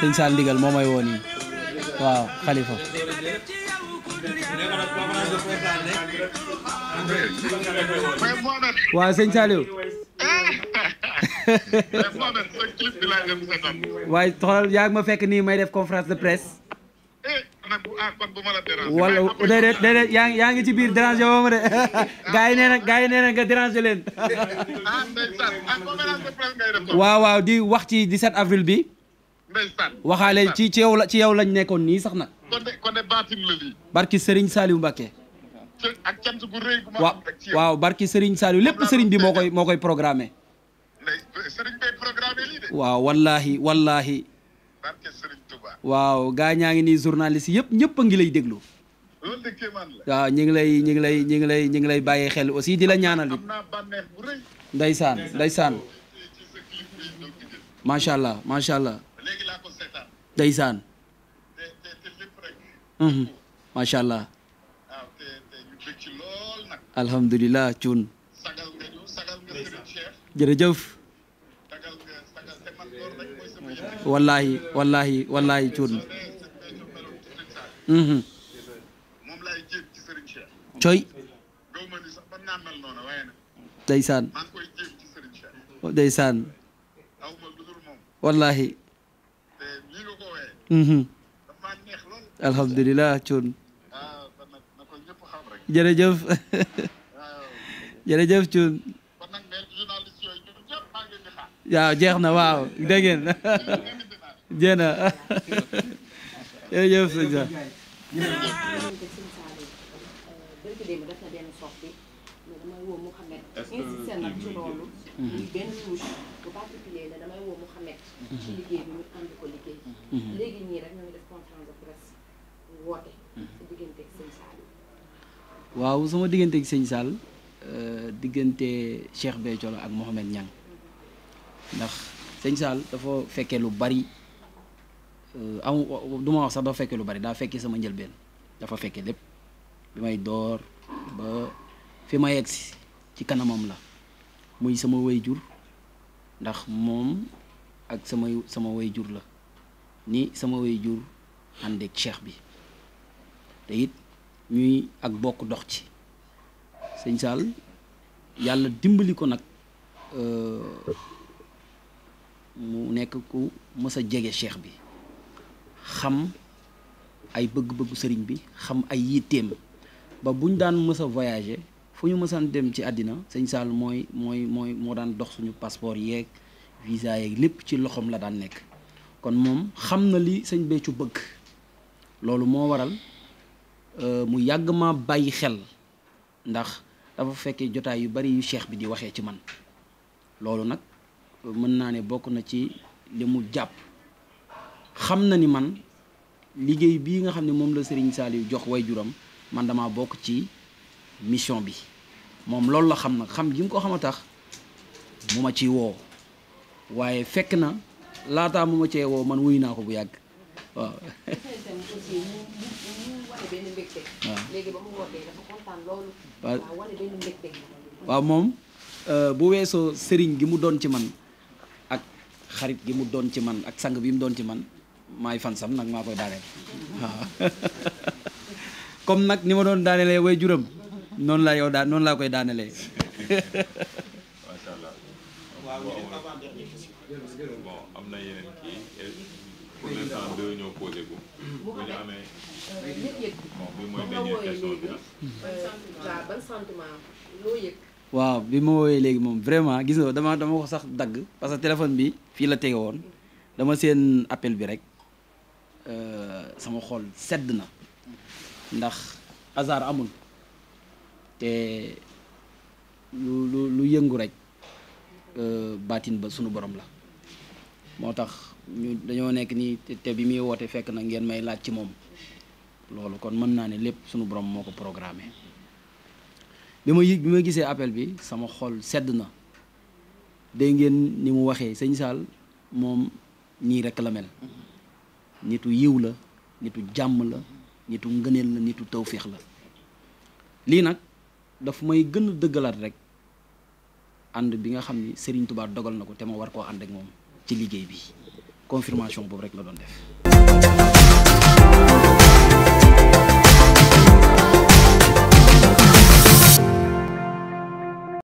sëñ Sall ndigal moo may woo nii waaw xalifa waaw sëñ Saliou waaye xoolal ma fekk nii may def conférence de presse wala déedéet déedéet yaa ngi yaa ngi ci biir déranger woo ma de gars yi nee na gars yi nee na nga déranger leen ah, ah, waaw waaw di wax ci 17 avril bi waxaale ci ci yow la ci yow lañ nekkoon nii sax na kon de kon de baatin la barki Serigne Saliou Mbacké. ak cant waaw barki Serigne Saliou lépp sëriñ bi moo koy moo koy programmé. waaw wallahi wallahi barke waaw gaa ñaa ngi nii journaliste yëpp ñëpp a ngi lay déglu. loolu ñu ngi lay ñu ngi lay ñu ngi lay ñu ngi lay bàyyi xel aussi di la ñaanal. am naa bànneex bu rëy. allah macha allah. ndeysaan mhm. macha allah ah, alhamdulilah cuun jërëjëf wallahi wallahi wallahi cuun mhm. coy ndeysaan ndeysaan wallahi Mm-hmm. alhamdulilah Thioune ah, jërëjëf jërëjëf Thioune waaw jeex na waaw dégg ngeen jeex na jërëjëf sëñ Mhm. Mhm. Mhm. waaw sama diggante ak sëñ Sall euh, diggante Cheikh Béthio la ak Mouhamed Niang ndax sëñ Sall dafa fekkee lu bari euh, amu du lu bari daa fekkee sama njëlbeen dafa fekkee lépp bi may door ba. fi ma yegsi ci kanamam la muy sama jur ndax moom ak sama sama wayjur la ni sama jur àndeek cheikh bi te it ñuy ak bokk dox ci sëñ Saal yàlla dimbali ko nag euh, mu nekk ku mës a jege cheikh bi xam ay bëgg-bëggu sëriñ bi xam ay yitteem ba buñ daan mës a voyager fu ñu mësaan dem ci àddina sëñ saal mooy mooy mooy moo daan dox suñu passeport yeeg visa yeeg lépp ci loxoom la daan nekk kon moom xam na li sëñ Béthio bëgg loolu moo waral euh, mu yàgg ma bàyyi xel ndax dafa fekkee jotaay yu bari yu cheikh bi di waxee ci man loolu nag mën naa ne bokk na ci li mu jàpp xam na ni man liggéey bii nga xam ne moom la Serigne yu jox way juróom man damaa bokk ci mission bi moom loolu la xam nag xam gi mu ko xam a tax mu ma ci woo waaye fekk na laataa mu ma cee woo man wuyu naa ko bu yàgg waaw. moom euh, bu weesoo sëriñ gi mu doon ci man ak xarit gi mu doon ci man ak sang bi mu doon ci man maay fan sam nag maa koy daaneel waaw nag ni ma doon daanelee way juram noonu laa yow daan noonu laa koy daanelee. macha waaw bi mooy dernière ma woowee léegi moom vraiment gis nga dama dama ko sax dagg parce que téléphone bi fii la tege woon dama seen appel bi rek euh, sama xol sedd na ndax hasard amul. te lu lu lu yëngu rek euh, baatin ba sunu borom la moo tax dañoo nekk nii te bi muy woote fekk na ngeen may laaj ci moom loolu kon mën naa ne lépp sunu borom moo ko programmé bi ma bi ma gisee appel bi sama xol sedd na dégg ngeen ni mu waxee sëñ Saal moom nii rek la mel nitu yiw la nitu jàmm la nitu ngëneel la nitu tawféex la lii nag daf may gën dëggalaat rek ànd bi nga xam ni Serigne tubaat dogal na ko te ma war koo ànd moom ci liggéey bi confirmation boobu rek la doon def.